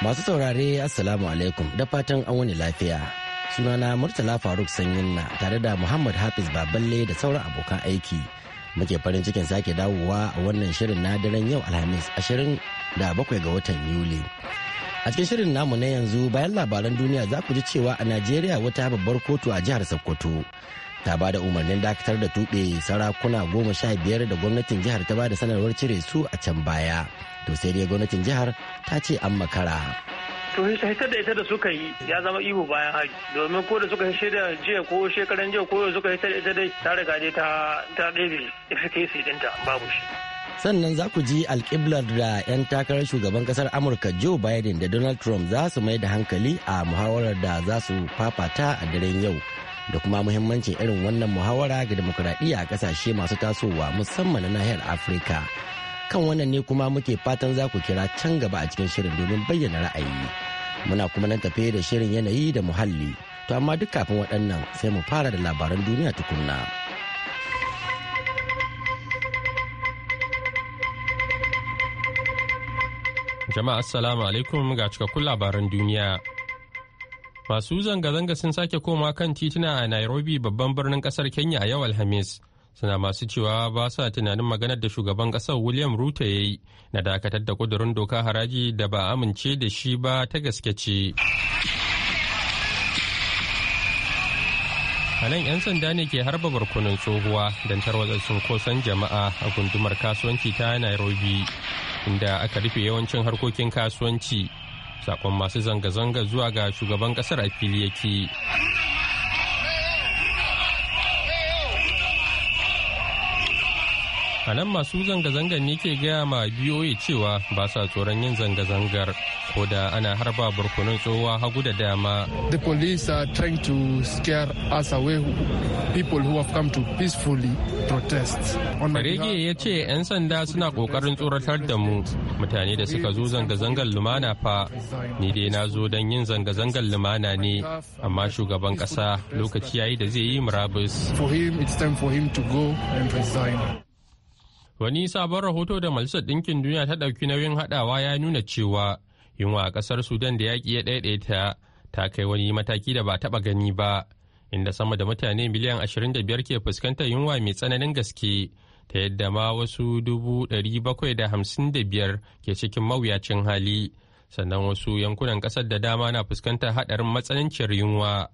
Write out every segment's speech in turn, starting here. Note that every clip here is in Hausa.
Masu saurare Assalamu alaikum da fatan an wani lafiya. Sunana Murtala Faruk sanyin na tare da Muhammad Hafiz Baballe da sauran abokan aiki. Muke farin cikin sake dawowa a wannan shirin na daren yau Alhamis da bakwai ga watan Yuli. A cikin shirin namu na yanzu bayan labaran duniya za ku ji cewa a Najeriya wata babbar kotu a jihar Sokoto ta ba da umarnin dakatar da tuɓe sarakuna goma sha biyar da gwamnatin jihar ta ba da sanarwar cire su a can baya to sai dai gwamnatin jihar ta ce an makara to hitar da ita da suka yi ya zama ihu bayan hari domin ko da suka hishe da jiya ko shekaran jiya ko suka hitar da ita dai ta riga dai ta ta ɗebe efficacy ɗinta babu shi sannan za ku ji alƙiblar da 'yan takarar shugaban kasar amurka joe biden da donald trump za su mai da hankali a muhawarar da za su fafata a daren yau da kuma muhimmancin irin wannan muhawara ga demokuraɗiyya a ƙasashe masu tasowa musamman na nahiyar afirka kan wannan ne kuma muke fatan za ku kira can gaba a cikin shirin domin bayyana ra'ayi muna kuma nan tafe da shirin yanayi da muhalli to amma duk kafin waɗannan sai mu fara da labaran duniya tukunna. jama'a assalamu alaikum ga cikakkun labaran duniya Masu zanga-zanga sun sake koma kan tituna a Nairobi babban birnin kasar Kenya a yau Alhamis. Suna masu cewa ba sa tunanin maganar da shugaban kasar William Ruto ya yi na dakatar da kudurin doka haraji da ba amince da shi ba ta gaske ce. a nan 'yan sanda ne ke harba barkunan tsohuwa don tarwatsar kosan jama'a a gundumar kasuwanci ta nairobi inda aka rufe yawancin harkokin kasuwanci sakon masu zanga-zanga zuwa ga shugaban kasar a fili yake a nan masu zanga-zangar ne ke gaya ma biyoyi cewa ba sa tsoron yin zanga-zangar ko da ana harba barkunan tsohuwa hagu da dama. The police are trying to scare us away people who have come to peacefully protest. Rege ya ce 'yan sanda suna kokarin tsoratar da mu mutane da suka zo zanga-zangar lumana fa ni dai na zo don yin zanga-zangar lumana ne amma shugaban kasa lokaci yayi da zai yi murabus. For him it's him to go and resign. Wani sabon rahoto da Majalisar Ɗinkin Duniya ta ɗauki nauyin haɗawa ya nuna cewa yunwa a ƙasar Sudan da yaƙi ya ɗaiɗaita ta kai wani mataki da ba taɓa gani ba, inda sama da mutane miliyan 25 ke fuskantar yunwa mai tsananin gaske, ta yadda ma wasu bakwai da da biyar ke cikin mawuyacin hali, sannan wasu yankunan ƙasar da dama na fuskantar haɗarin matsananciyar yunwa.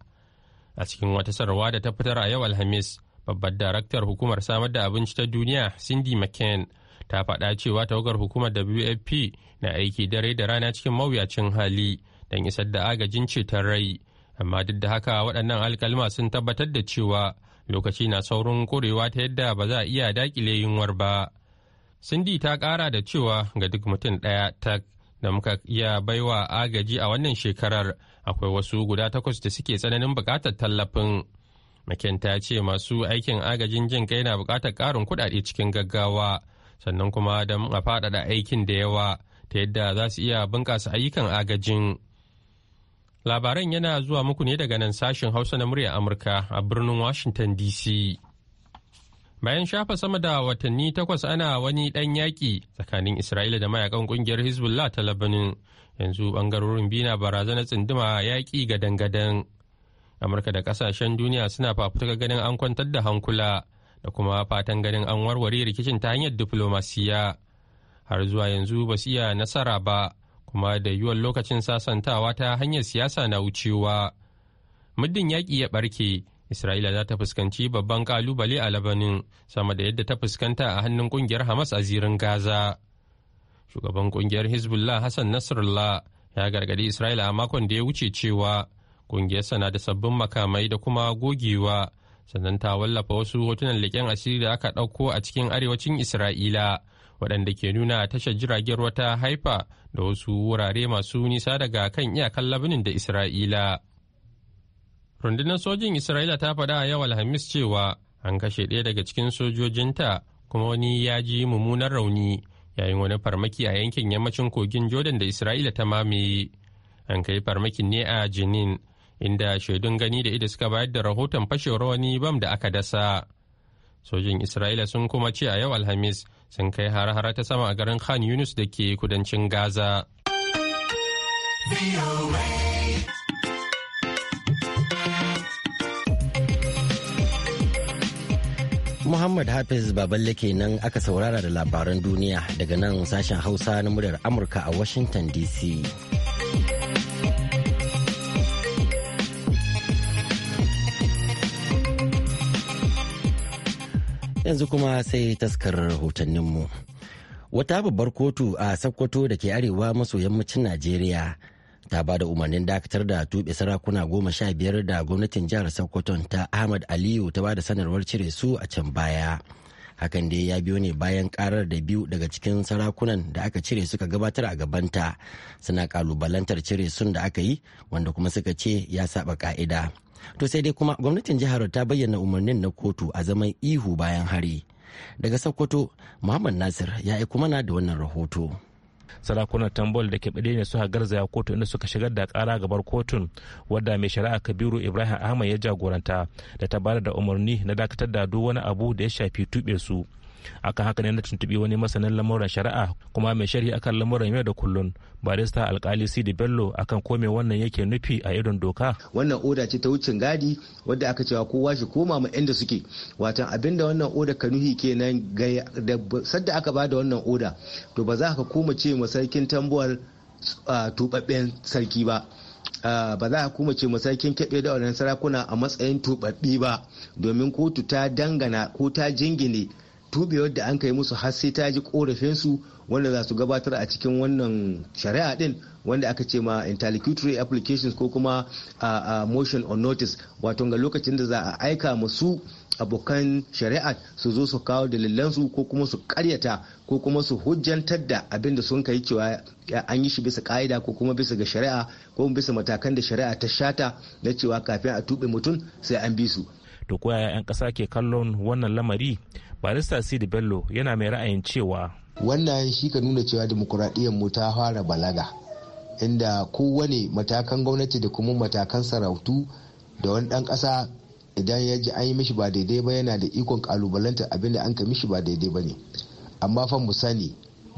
A cikin wata sarwa da ta fitar a yau Alhamis, babbar daraktar hukumar samar da abinci ta duniya cindy mccain ta faɗa cewa tawagar hukumar wfp na aiki dare da rana cikin mawuyacin hali don isar da agajin ceton rai amma duk da haka waɗannan alkalma sun tabbatar da cewa lokaci na saurin ƙurewa ta yadda ba za a iya daƙile yunwar ba cindy ta ƙara da cewa ga duk mutum ɗaya ta da muka iya baiwa agaji a wannan shekarar akwai wasu guda takwas da suke tsananin buƙatar tallafin McCain ta ce masu aikin agajin jin kai na bukatar ƙarin kuɗaɗe cikin gaggawa sannan kuma don a faɗaɗa aikin da yawa ta yadda za su iya bunƙasa ayyukan agajin. Labaran yana zuwa muku ne daga nan sashen Hausa na murya Amurka a birnin Washington DC. Bayan shafa sama da watanni takwas ana wani ɗan yaƙi tsakanin Isra'ila da mayakan ƙungiyar Hezbollah ta Labanin, yanzu bangarorin biyu na barazanar tsinduma yaƙi gadan-gadan. amurka da kasashen duniya suna fafutuka ganin an kwantar da hankula da kuma fatan ganin an warware rikicin ta hanyar diflomasiya har zuwa yanzu ba su iya nasara ba kuma da yiwuwar lokacin sasantawa ta hanyar siyasa na wucewa muddin yaƙi ya ɓarke isra'ila za ta fuskanci babban ƙalubale a labanin sama da yadda ta fuskanta a hannun ƙungiyar hamas a zirin gaza shugaban ƙungiyar hezbollah hassan nasrallah ya gargadi isra'ila a makon da ya wuce cewa Ƙungiyar sana da sabbin makamai da kuma gogewa sannan ta wallafa wasu hotunan leƙen asiri da aka ɗauko a cikin arewacin Isra'ila waɗanda ke nuna tashar jiragen wata haifa da wasu wurare masu nisa daga kan iyakan labunin da Isra'ila. Rundunar sojin Isra'ila ta faɗa a yau Alhamis cewa an kashe ɗaya daga cikin sojojinta kuma wani ya ji mummunan rauni yayin wani farmaki a yankin yammacin kogin Jordan da Isra'ila ta mamaye. An kai farmakin ne a Jenin inda shaidun gani da ido suka bayar da rahoton fashewar wani bam da aka dasa sojin isra'ila sun kuma ce a yau alhamis sun kai har-hara ta sama a garin khan yunus da ke kudancin gaza Muhammad Hafiz Baballe nan aka saurara da labaran duniya daga nan sashen Hausa na muryar Amurka a Washington DC. yanzu kuma sai taskar rahotanninmu wata babbar kotu a sokoto da ke arewa maso yammacin najeriya ta ba da umarnin dakatar da tuɓe sarakuna goma sha biyar da gwamnatin jihar sokoton ta ahmad aliyu ta ba da sanarwar cire su a can baya hakan dai ya biyo ne bayan karar da biyu daga cikin sarakunan da aka cire suka gabatar a gabanta suna kalubalantar cire sun da aka yi wanda kuma suka ce ya saba ka'ida to sai dai kuma gwamnatin jihar ta bayyana umarnin na kotu a zaman ihu bayan hari daga sokoto muhammad nasir ya aiko mana da wannan rahoto sarakunan tambol da keɓe ne suka garzaya kotu inda suka shigar da ƙara gabar kotun wadda mai shari'a kabiru ibrahim ahmad ya jagoranta da ta bada da umarni na dakatar da duk wani abu da ya shafi tuɓe su akan haka ne na tuntubi wani masanin lamuran shari'a kuma mai sharhi akan lamuran yau da kullun barista alkali sidi bello akan kome wannan yake nufi a irin doka wannan oda ce ta wucin gadi wadda aka cewa kowa shi koma ma inda suke watan abinda wannan oda ka nuhi kenan ga sadda aka ba da wannan oda to ba za ka koma ce ma sarkin tambuwar tubabben sarki ba ba za a kuma ce masakin keɓe da wannan sarakuna a matsayin tubabbi ba domin kotu ta dangana ko ta jingine tubewar da an kai musu har sai ta ji korafinsu wanda za su gabatar a cikin wannan shari'a din wanda aka ce ma interlocutory applications ko kuma a motion on notice wato ga lokacin da za a aika musu abokan shari'a su zo su kawo dalilansu ko kuma su karyata ko kuma su hujjantar da abin da sun kai cewa an yi shi bisa ka'ida ko kuma bisa ga shari'a ko bisa matakan da shari'a ta shata na cewa kafin a tuɓe mutum sai an bi su. To koya 'yan ƙasa ke kallon wannan lamari barista sidi bello yana mai ra'ayin cewa wannan shi ka nuna cewa dimokuraɗiyyar mu ta fara balaga inda kowane matakan gwamnati da kuma matakan sarautu da wani ɗan ƙasa idan ya ji an yi mishi ba daidai ba yana da ikon kalubalanta abin da an ka mishi ba daidai ba ne amma fa mu sani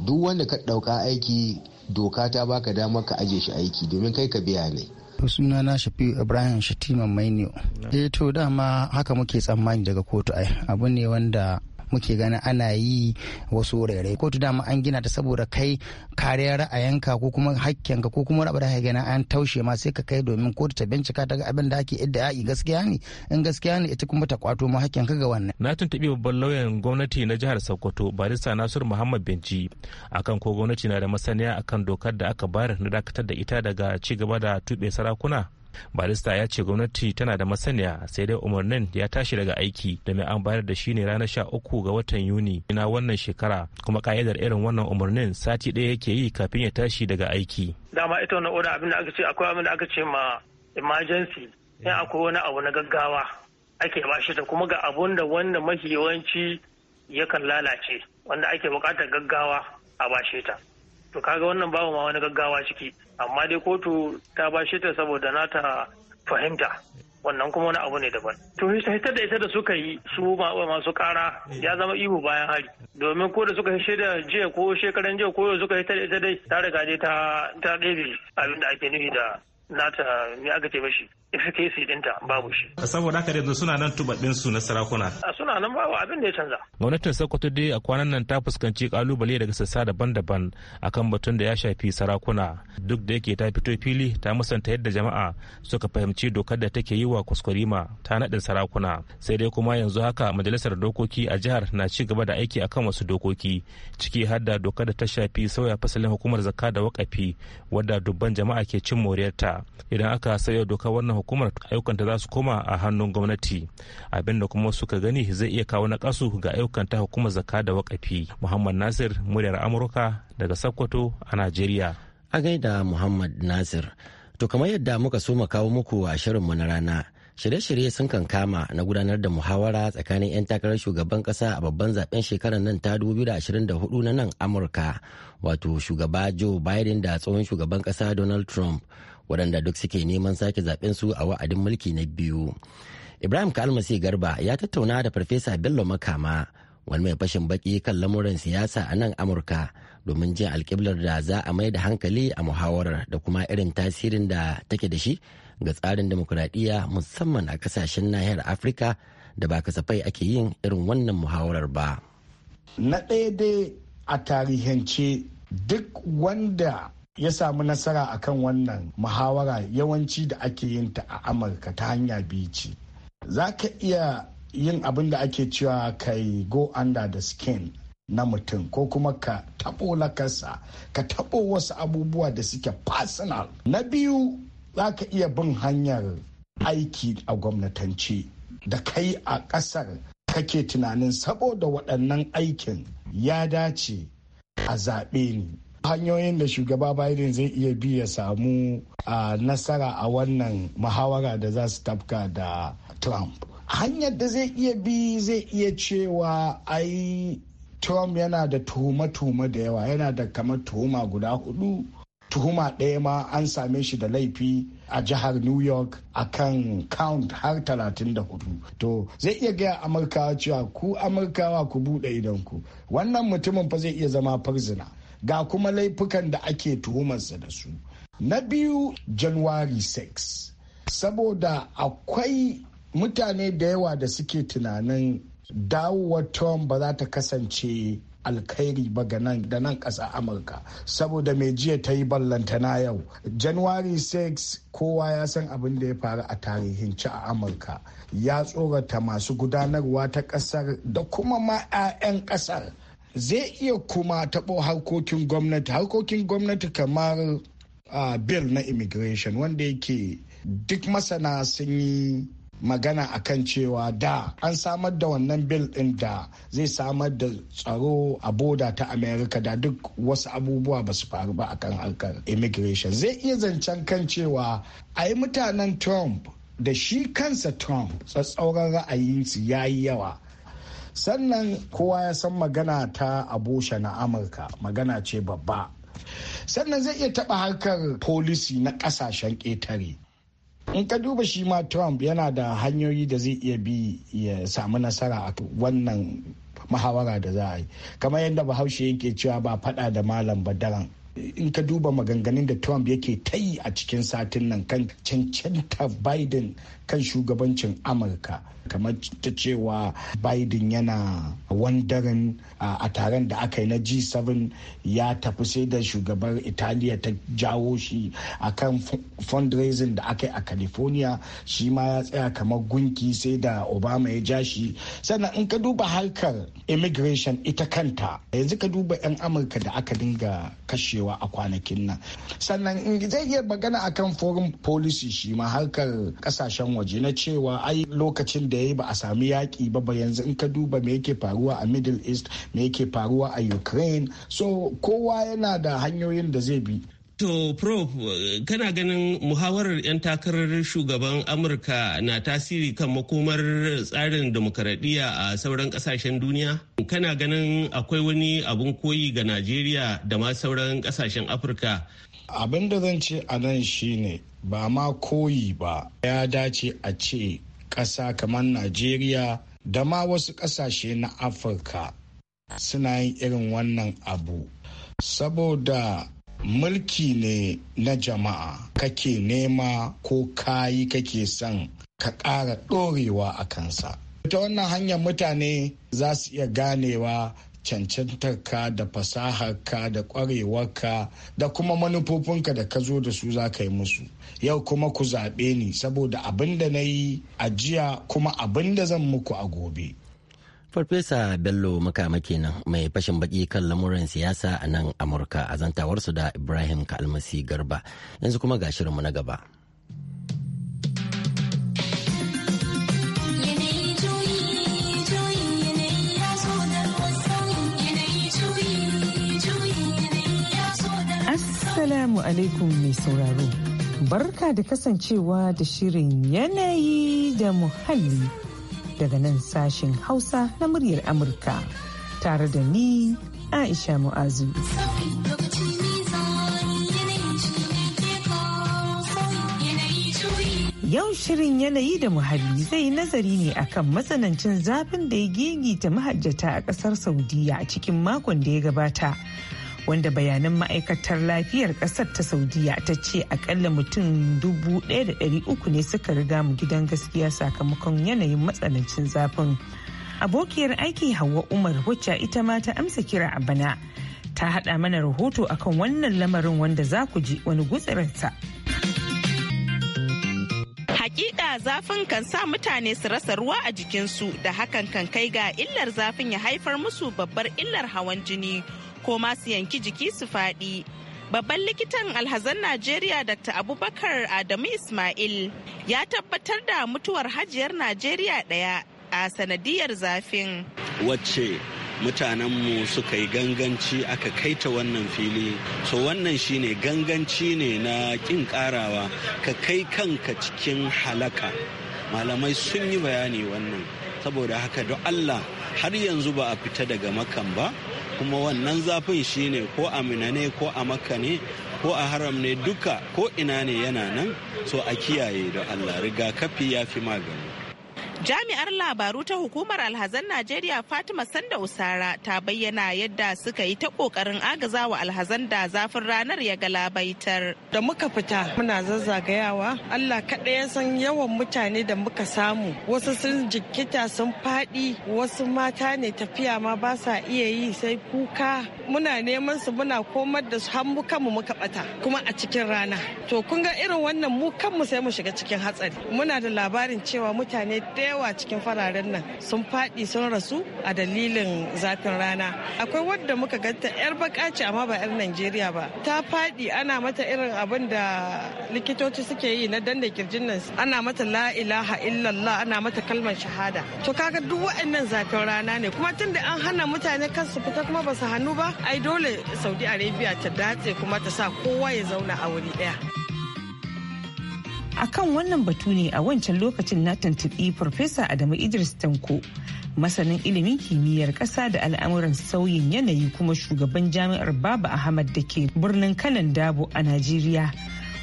duk wanda ka ɗauka aiki doka ta baka damar ka aje shi aiki domin kai ka biya ne suna na shafi ibrahim shatima mainio eh to dama haka muke tsammani daga kotu ai abu ne wanda muke ganin ana yi wasu rairai kotu dama an gina ta saboda kai kariyar ra'ayinka ko kuma hakkinka ko kuma rabar da ganin an taushe ma sai ka kai domin kotu ta bincika ta ga abin da ake idda ya'i gaskiya ne in gaskiya ne ita kuma ta kwato ma hakkinka ga wannan na tuntubi babban lauyan gwamnati na jihar Sokoto barista Nasir Muhammad Benji akan ko gwamnati na da masaniya akan dokar da aka bayar na dakatar da ita daga cigaba da tube sarakuna barista ya ce gwamnati tana da masaniya sai dai umarnin ya tashi daga aiki mai an bayar da shi ne ranar sha uku ga watan yuni na wannan shekara kuma ka'idar irin wannan umarnin sati ɗaya yake yi kafin ya tashi daga aiki dama ita wani oda abin da aka ce akwai abin da aka ce ma emergency in akwai wani abu na gaggawa ake ba shi da kuma ga abun da wanda mafi yawanci yakan lalace wanda ake bukatar gaggawa a bashe ta to kaga wannan babu ma wani gaggawa ciki amma dai kotu ta shi ta saboda nata fahimta wannan kuma wani abu ne daban to hitar da ita da suka yi su masu kara ya zama ihu bayan hari domin ko da suka yi da jiya ko shekaran jiya ko suka yi da ita dai ta riga dai ta ta ɗebe abin ake nufi da nata me aka ce mashi efficacy dinta babu shi. Saboda haka yanzu suna nan su na sarakuna. A suna nan babu abin da ya canza. Gwamnatin Sokoto dai a kwanan nan ta fuskanci kalubale daga sassa daban-daban akan batun da ya shafi sarakuna. Duk da yake ta fito fili ta musanta yadda jama'a suka fahimci dokar da take yi wa kuskurima ta naɗin sarakuna. Sai dai kuma yanzu haka majalisar dokoki a jihar na ci gaba da aiki akan wasu dokoki ciki har da dokar da ta shafi sauya fasalin hukumar zakka da wakafi wadda dubban jama'a ke cin moriyarta. Idan aka sauya dokar wannan hukumar ayyukanta za su koma a hannun gwamnati abinda kuma suka gani zai iya kawo nakasu ga ayyukanta hukumar zakka da wakafi muhammad nasir muryar amurka daga sokoto a najeriya a gaida muhammad nasir to kamar yadda muka so mu kawo muku a shirin mu na rana shirye-shirye sun kan kama na gudanar da muhawara tsakanin 'yan takarar shugaban kasa a babban zaben shekarar nan ta 2024 na nan amurka wato shugaba joe biden da tsohon shugaban kasa donald trump waɗanda duk suke neman sake zaɓen su a wa'adin mulki na biyu ibrahim kalmasi garba ya tattauna da farfesa bello makama wani mai fashin baki kan lamuran siyasa a nan amurka domin jin alkiblar da za a mai da hankali a muhawarar da kuma irin tasirin da take da shi ga tsarin demokuraɗiyya musamman a kasashen nahiyar afirka da ba kasafai ake yin irin wannan muhawarar ba na ɗaya dai a tarihance duk wanda ya samu nasara a kan wannan muhawara yawanci da ake yin ta a amurka ta hanya biyu ce za ka iya yin abin da ake cewa kai go under the skin na mutum ko kuma ka tabo lakarsa ka tabo wasu abubuwa da suke personal na biyu za ka iya bin hanyar aiki a gwamnatance da kai a ƙasar kake tunanin saboda waɗannan aikin ya dace a zaɓe ni hanyoyin da shugaba biden zai iya bi ya samu nasara a wannan muhawara da za su tafka da trump hanyar da zai iya bi zai iya cewa ai trump yana da tuhuma-tuhuma da yawa yana da kamar tuhuma guda hudu tuhuma ɗaya ma an same shi da laifi a jihar new york a kan count har 34 to zai iya gaya amurkawa cewa ku amurkawa ku buɗe idanku wannan mutumin fa zai iya zama farzina ga kuma laifukan da ake tuhumarsa da su na biyu january 6 saboda akwai mutane da yawa da suke tunanin dawowar tom ba za ta kasance alkhairi ba ga nan da nan ƙasa amurka saboda mai jiya ta yi ballantana yau january 6 kowa ya san abin da ya faru a tarihin ci a amurka ya tsorata masu gudanarwa ta ƙasar da kuma ma 'ya'yan ƙasar zai iya kuma taɓo harkokin gwamnati harkokin gwamnati kamar uh, bill na immigration wanda yake duk masana sun yi magana a kan cewa da an samar da wannan bil ɗin da zai samar da tsaro a boda ta america da duk wasu abubuwa ba su faru ba akan harkar immigration zai iya zancen kan cewa a yi mutanen trump da shi kansa trump tsatsauran ra'ayinsu ya yi yawa sannan kowa ya san magana ta abusha na amurka magana ce babba sannan zai iya taɓa harkar folisi na kasashen ƙetare in ka duba shi ma trump yana da hanyoyi da zai iya bi ya samu nasara a wannan mahawara da za a yi kamar yadda bahaushe yake cewa ba faɗa da malam badaran in ka duba maganganun da trump yake ta yi a cikin satin nan kan cancanta biden kan shugabancin amurka kamar ta cewa biden yana wandaren a taron da aka yi na g7 ya tafi sai da shugabar italiya ta jawo shi a kan fundraising da aka yi a california shi ma ya tsaya kamar gunki sai da obama ya ja shi sannan in ka duba harkar immigration ita kanta yanzu ka duba 'yan amurka da aka dinga kashewa cewa a kwanakin nan sannan in zai iya magana akan foreign policy shi ma harkar kasashen waje na cewa ai lokacin da ya ba a sami yaƙi ba ba yanzu in ka duba me yake faruwa a middle east me yake faruwa a ukraine so kowa yana da hanyoyin da zai bi To, Prof, kana ganin muhawarar 'yan takarar shugaban Amurka na tasiri kan makomar tsarin demokaradiyya a sauran kasashen duniya? Kana ganin akwai wani abun koyi ga Najeriya da ma sauran kasashen Afirka? Abin da zan ce a nan shine ba ma koyi ba ya dace a ce ƙasa kamar Najeriya da ma wasu ƙasashe na Afirka suna yin irin wannan abu. Saboda mulki ne na jama'a kake nema ko kayi kake son ka ƙara ɗorewa a kansa ta wannan hanyar mutane za su iya ganewa cancantarka da fasaharka da kwarewarka da kuma manufofinka da ka zo da su za ka yi musu yau kuma ku zaɓe ni saboda abin da na yi a jiya kuma abin da zan muku a gobe Farfesa Bello Makama kenan mai fashin baki kan lamuran siyasa a nan Amurka a zantawarsu da Ibrahim Kalmasi Garba. Yanzu kuma ga shirinmu na gaba. Assalamu alaikum mai sauraro. Barka da kasancewa da shirin yanayi da muhalli daga nan sashen Hausa na muryar Amurka tare da ni Aisha Mu'azu. Yau shirin yanayi da muhalli zai nazari ne akan matsanancin zafin da ya gigita mahajjata a kasar Saudiya a cikin makon da ya gabata. wanda bayanan ma'aikatar lafiyar kasar ta saudiya ta ce akalla mutum uku ne suka riga mu gidan gaskiya sakamakon yanayin matsanancin zafin abokiyar aiki hawa umar wacce ita ma ta amsa kira a bana ta hada mana rahoto akan wannan lamarin wanda za ku ji wani gutsirinsa hakika zafin kan sa mutane su rasa ruwa a jikinsu da hakan kan kai ga illar zafin ya haifar musu babbar illar hawan jini ko ma su yanki jiki su faɗi. Babban likitan alhazan Najeriya Dr. Abubakar Adamu Ismail ya tabbatar da mutuwar hajiyar Najeriya ɗaya a sanadiyar zafin. Wacce mutanenmu suka yi ganganci aka kaita wannan fili so wannan shine ganganci ne na ƙin ƙarawa ka kai kanka cikin halaka malamai sun yi bayani wannan saboda haka don allah har yanzu ba a fita daga makan ba kuma wannan zafin shine ko a ne ko a maka ne ko a haram ne duka ko ina ne yana nan so a kiyaye da allah rigakafi ya fi magani Jami'ar labaru ta hukumar alhazan Najeriya Fatima Sanda Usara ta bayyana yadda suka yi ta kokarin wa alhazan da zafin ranar ya galabaitar. Da muka fita muna zazzagayawa Allah kaɗai ya san yawan mutane da muka samu wasu sun jikita sun faɗi wasu mata ne tafiya ma ba sa iya yi sai kuka muna neman su muna komar da su har kanmu muka bata kuma a cikin rana. To kun ga irin wannan mu kanmu sai mu shiga cikin hatsari. Muna da labarin cewa mutane da yawa cikin fararen nan sun faɗi sun rasu a dalilin zafin rana akwai wadda muka ganta yar baka ce amma ba yar najeriya ba ta faɗi ana mata irin abin da likitoci suke yi na danda kirjin nan ana mata la ilaha illallah ana mata kalmar shahada to kaga duk waɗannan zafin rana ne kuma tunda an hana mutane kansu fita kuma ba su hannu ba ai dole saudi arabia ta datse kuma ta sa kowa ya zauna a wuri ɗaya. akan wannan batu ne a wancan lokacin na tuntuɓi Farfesa Adamu Idris Tanko, masanin ilimin kimiyyar ƙasa da al'amuran sauyin yanayi kuma shugaban jami'ar Baba Ahmad da ke birnin Kanan Dabo a Najeriya.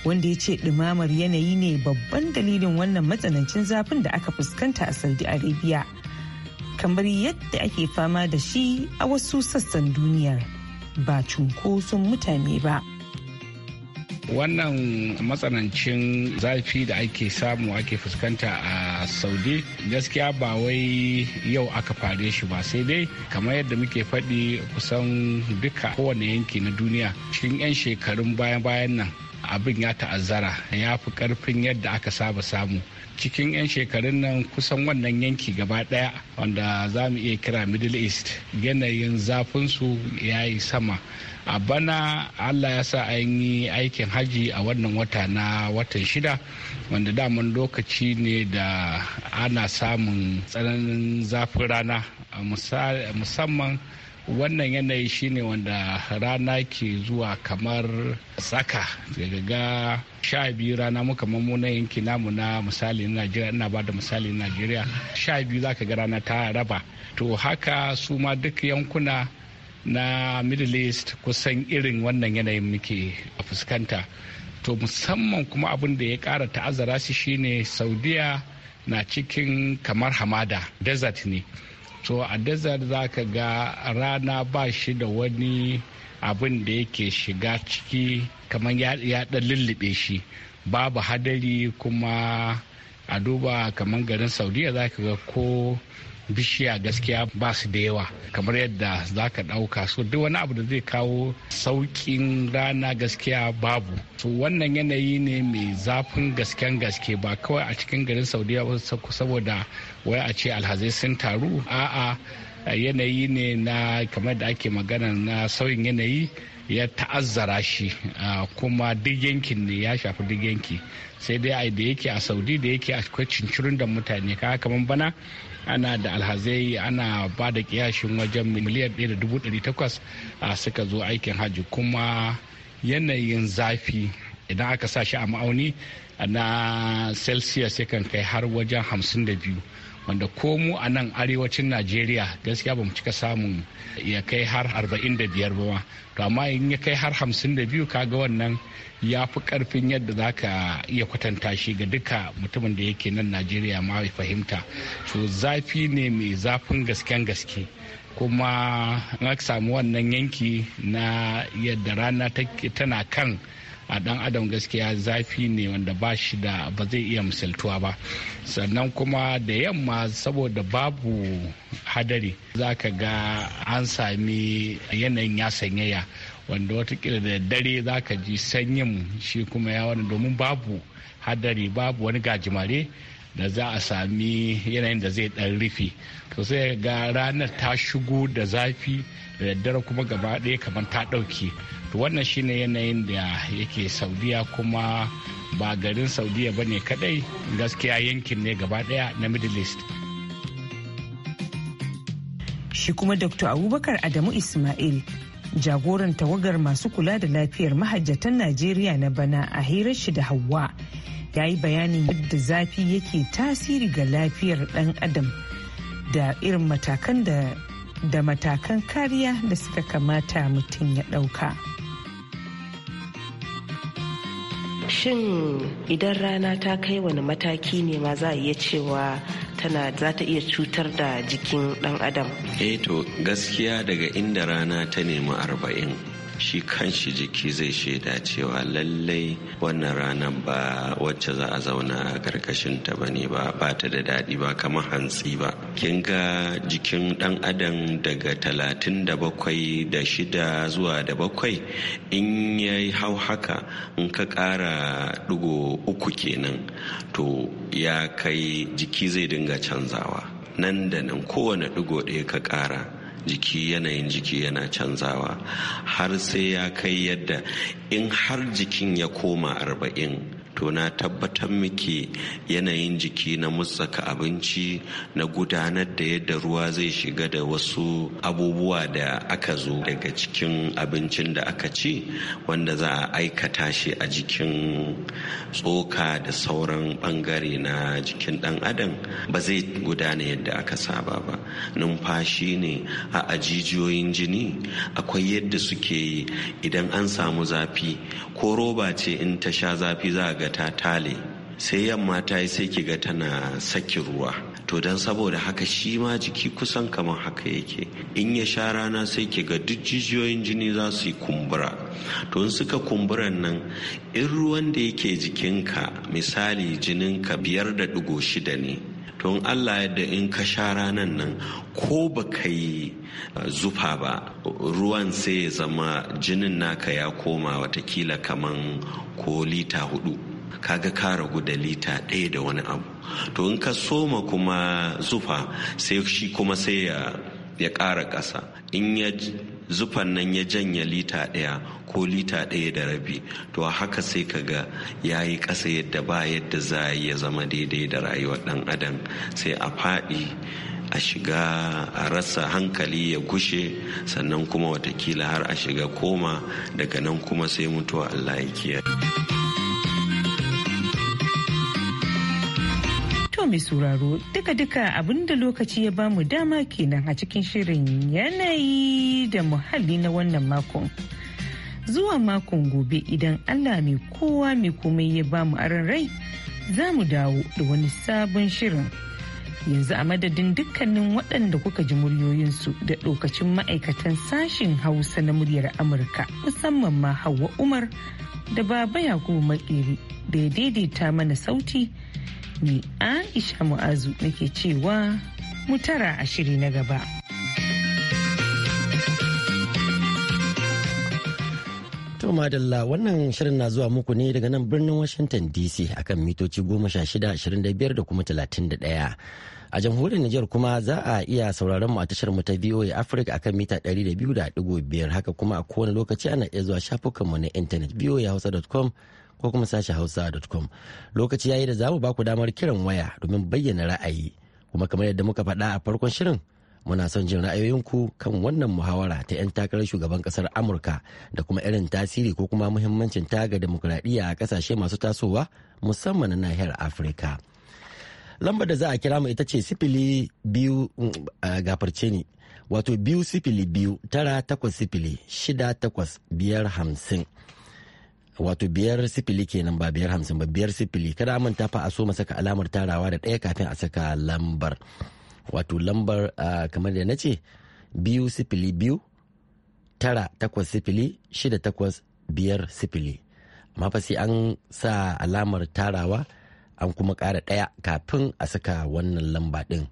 wanda ya ce dumamar yanayi ne babban dalilin wannan matsanancin zafin da aka fuskanta a saudi arabia kamar yadda ake fama da shi a wasu sassan duniyar ba cunkoson mutane ba. wannan matsanancin zafi da ake samu ake fuskanta a saudi gaskiya ba wai yau aka fare shi ba sai dai kamar yadda muke faɗi kusan duka kowane yanki na duniya cikin 'yan shekarun bayan-bayan nan abin ya ta'azzara ya fi karfin yadda aka saba samu cikin 'yan shekarun nan kusan wannan yanki gaba daya wanda za mu iya kira middle east yanayin zafinsu ya yi sama a bana allah ya sa an yi aikin haji a wannan wata na watan shida wanda daman lokaci ne da ana samun tsananin zafin rana musamman wannan yanayi shine wanda rana ke zuwa kamar tsaka daga sha biyu rana muka mamuna yanki namu na misali najeriya ina ba da misali najeriya sha biyu za ka ga rana ta raba to haka su ma duk yankuna na middle east kusan irin wannan yanayin muke a fuskanta to musamman kuma abin da ya kara ta'azzara shi shine saudiya na cikin kamar hamada desert ne to a desert za ka ga rana ba shi da wani abin da yake shiga ciki kamar ya dan lullube shi babu hadari kuma a duba kamar garin saudiya za ka ga ko bishiya gaskiya ba su da yawa kamar yadda za ka ɗauka so duk wani abu da zai kawo sauƙin rana gaskiya babu so wannan yanayi ne mai zafin gasken gaske ba kawai a cikin garin saudiya saboda wai a ce alhazai sun taru a'a yanayi ne na kamar da ake magana na sauyin yanayi ya ta'azzara shi kuma duk yankin ne ya shafi duk yanki sai dai da yake a saudi da yake kwacin cincirin da mutane kaka kamar bana ana da alhazai ana ba da kiyashin wajen miliyan a suka zo aikin hajji kuma yanayin zafi idan aka sa shi a ma'auni na celsius yakan kai har wajen 52 wanda ko mu a nan arewacin najeriya gaskiya ba mu cika samun ya kai har 45 ba ma to amma in ya kai har 52 kaga wannan ya fi karfin yadda za ka iya kwatanta shi ga duka mutumin da yake nan najeriya ma fahimta to zafi ne mai zafin gasken gaske kuma na samu wannan yanki na yadda rana tana kan a dan adam gaskiya zafi ne wanda ba shi da ba zai iya misaltuwa ba sannan kuma da yamma saboda babu hadari za ka ga an sami yanayin ya sanyaya wanda watakila da dare za ka ji sanyin shi kuma ya wani domin babu hadari babu wani gajimare da za a sami yanayin da zai dan rufe to sai ga ranar ta shigo da zafi da daddare kuma gaba ɗaya kamar ta ɗauke to wannan shine yanayin da yake saudiya kuma ba garin saudiya ba ne kadai gaskiya yankin ne gaba ɗaya na middle east shi kuma dr abubakar adamu ismail jagoran tawagar masu kula da lafiyar mahajjatan najeriya na bana a hirar shi da hawa ya yi bayanin yadda zafi yake tasiri ga lafiyar dan adam da irin matakan da da matakan kariya da suka kamata mutum ya ɗauka. Shin idan rana ta kai wani mataki ne ma za a iya cewa tana za ta iya cutar da jikin ɗan adam? Eh to gaskiya daga inda rana ta nemi arba'in shi kanshi jiki zai shaida cewa lallai wannan ranar ba wacce za a zauna a karkashin ta bane ba ba ta da daɗi ba kamar hantsi ba kin ga jikin ɗan adam daga talatin da bakwai da shida zuwa da bakwai in ya yi hau haka in ka ƙara ɗigo uku kenan to ya kai jiki zai dinga canzawa nan da nan kowane ɗigo ɗaya ka ƙara jiki yanayin jiki yana canzawa har sai ya kai yadda in har jikin ya koma arba'in to na tabbatar miki yanayin jiki na mutsaka abinci na gudanar da yadda ruwa zai shiga da wasu abubuwa da aka zo daga cikin abincin da aka ci wanda za a aikata shi a jikin tsoka da sauran bangare na jikin dan adam ba zai gudana yadda aka saba ba numfashi ne a ajijiyoyin jini akwai yadda suke yi idan an samu zafi ko roba ce in ta sha zafi za a ga ga ta tale sai yamma ta yi sai kiga tana saki ruwa to don saboda haka shi ma jiki kusan kamar haka yake in ya sha rana sai kiga duk jijiyoyin jini za su yi kumbura to in suka kumburan nan in ruwan da yake jikinka misali jinin ka biyar da digo shida ne don allah yadda in ka sha ranan nan ko ba ka yi uh, zufa ba ruwan sai ya zama jinin naka ya koma watakila kaman ko lita hudu kaga ka ragu da lita ɗaya da wani abu to in ka soma kuma zufa sai shi kuma sai ya ƙara ƙasa in ya zufan nan ya janya lita ɗaya ko lita ɗaya da rabi to haka sai ka ga ya yi ƙasa yadda ba yadda za a yi ya zama daidai da rayuwar ɗan adam sai a faɗi a shiga a rasa hankali ya gushe sannan kuma watakila har a shiga koma daga nan kuma sai mutuwa allah ya kiyaye mai sauraro duka-duka abinda lokaci ya bamu dama kenan a cikin shirin yanayi da muhalli na wannan makon. Zuwa makon gobe idan Allah mai kowa mai komai ya bamu aron rai za mu dawo da wani sabon shirin. Yanzu a madadin dukkanin waɗanda kuka ji muryoyinsu da dokacin ma'aikatan sashen Hausa na muryar Amurka musamman ma Hauwa Umar da Baba Yakubu Makeri da ya daidaita mana sauti. ni aisha mu'azu nake cewa mutara tara a shiri na gaba To madalla wannan shirin na zuwa muku ne daga nan birnin Washington DC akan mitoci ashirin da kuma 31. A jamhuriyar Nijar kuma za a iya sauraron mu a tashar mu ta VOA Africa akan mita ɗari 200.5 haka kuma a kowane lokaci ana iya zuwa shafukanmu na intanet voahausa.com ko kuma sashi hausa.com lokaci ya yi da za mu baku damar kiran waya domin bayyana ra'ayi kuma kamar yadda muka faɗa a farkon shirin muna son jin ra'ayoyinku kan wannan muhawara ta 'yan takarar shugaban kasar amurka da kuma irin tasiri ko kuma muhimmancin ta ga demokuraɗiyya a ƙasashe masu tasowa musamman na nahiyar afirka lambar da za a kira mu ita ce sifili biyu mm, gafarce ne wato biyu sifili biyu tara takwas sifili shida takwas biyar hamsin wato biyar sifili kenan ba biyar hamsin ba biyar sifili kada a manta fa a so saka alamar tarawa da ɗaya kafin a saka lambar wato lambar kamar da na ce biyu sifili biyu tara takwas sifili shida takwas biyar sifili amma fa sai an sa alamar tarawa an kuma ƙara ɗaya kafin a saka wannan lamba ɗin.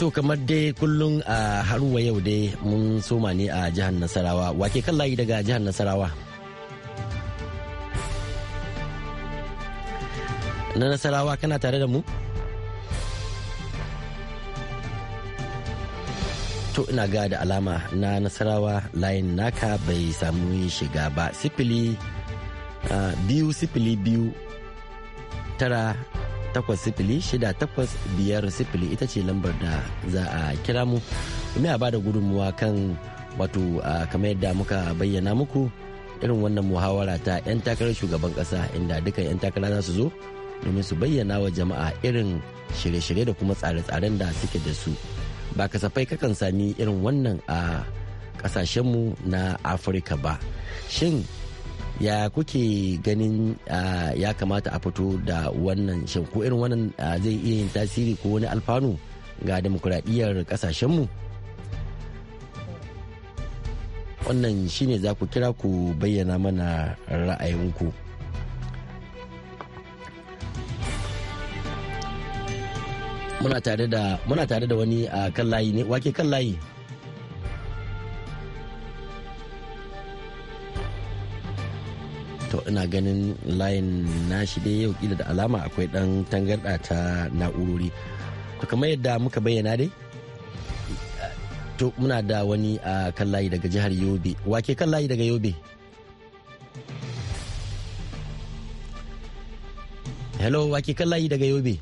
to kamar dai kullum a haruwa yau dai mun soma ne a jihar nasarawa wake kan layi daga jihar nasarawa na nasarawa kana tare da mu to ina ga da alama na nasarawa layin naka bai samu shiga ba sifili biyu sifili biyu tara takwas sifili shida biyar sifili ita ce lambar da za a kira mu domin a bada gudunmuwa kan wato kamar yadda muka bayyana muku irin wannan muhawara ta 'yan takarar shugaban kasa inda dukkan 'yan takara za su zo domin su bayyana wa jama'a irin shirye-shirye da kuma tsare-tsaren da suke da su ba kasafai kakan sami irin wannan a kasashenmu na afirka ba shin ya kuke ganin ya kamata a fito da wannan shin ko irin wannan zai iya yin tasiri ko wani alfanu ga demokuraɗiyyar ƙasashenmu wannan shine za ku kira ku bayyana mana ra'ayinku muna tare da wani a kan layi ne wake kan layi to ina ganin layin shi dai yau kila da alama akwai dan tangarda ta na'urori to kamar yadda muka bayyana dai to muna da wani a kan layi daga jihar yobe wake kan layi daga yobe hello wake kan layi daga yobe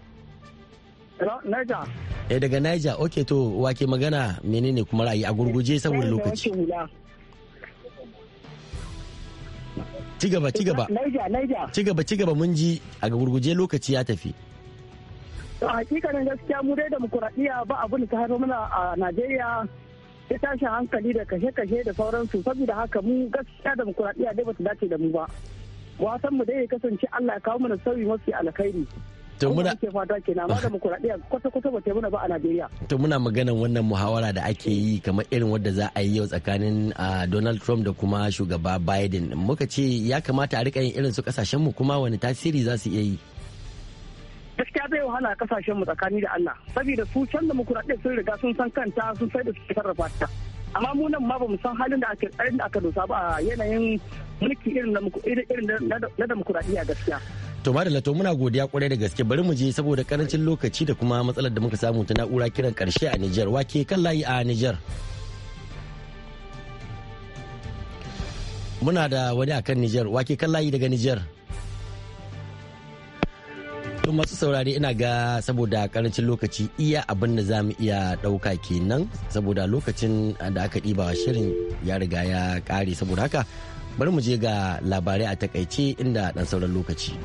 Niger. Eh daga Niger, ok to wake magana menene kuma ra'ayi a gurguje saboda lokaci. ci gaba ci gaba ci gaba ci gaba mun ji a gurguje lokaci ya tafi a hakikanin gaskiya mu dai demokuraɗiyya ba abin ta haifar mana a najeriya ya tashi hankali da kashe-kashe da sauransu saboda haka mu gaskiya demokuraɗiyya dai ba su dace da mu ba wasan mu dai ya kasance allah ya kawo mana sauyi mafi alkhairi to muna ke fata kenan amma ba a Najeriya to muna maganan wannan muhawara da ake yi kamar irin wadda za a yi yau tsakanin Donald Trump da kuma shugaba Biden muka ce ya kamata a rika yin irin su kasashen mu kuma wani tasiri za su iya yi gaskiya zai wahala kasashen mu tsakani da Allah saboda su can da mukuraɗe sun riga sun san kanta sun sai da su sarrafa ta amma mu nan ma ba mu san halin da ake tsarin da aka dosa ba a yanayin mulki irin na irin na da gaskiya to madalla to muna godiya kwarai da gaske bari mu je saboda karancin lokaci da kuma matsalar da muka samu ta na'ura kiran karshe a Nijar wake kan layi a Nijar muna da wani akan Nijar wake kan layi daga Nijar to masu saurari ina ga saboda karancin lokaci iya abin da zamu iya dauka kenan saboda lokacin da aka ɗiba shirin ya riga ya kare saboda haka bari mu je ga labarai a takaice inda dan sauran lokaci.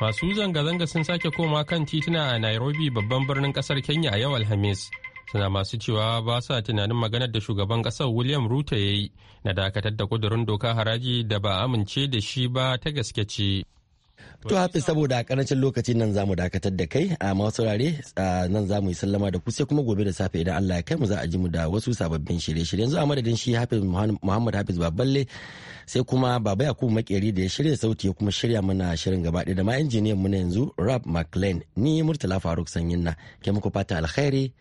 Masu zanga-zanga sun sake koma kan tituna a Nairobi babban birnin kasar Kenya a yau Alhamis. Suna masu cewa ba sa tunanin maganar da shugaban kasar William Ruto ya yi na dakatar da kudurin doka haraji da ba amince da shi ba ta gaske ce. To hafi saboda a karancin lokaci nan zamu dakatar da kai a masu rare nan zamu yi sallama da ku sai kuma gobe da safe idan Allah ya kai mu za a ji mu da wasu sababbin shirye-shirye yanzu a madadin shi Hafiz Muhammad Hafiz Baballe sai kuma Baba Yakubu Makeri da ya shirya sauti ya kuma shirya mana shirin gaba da ma injiniyan mu na yanzu Rap McLean ni Murtala Faruk Sanyinna ke muku fata alkhairi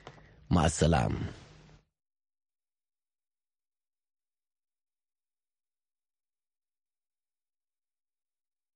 ma'assalam.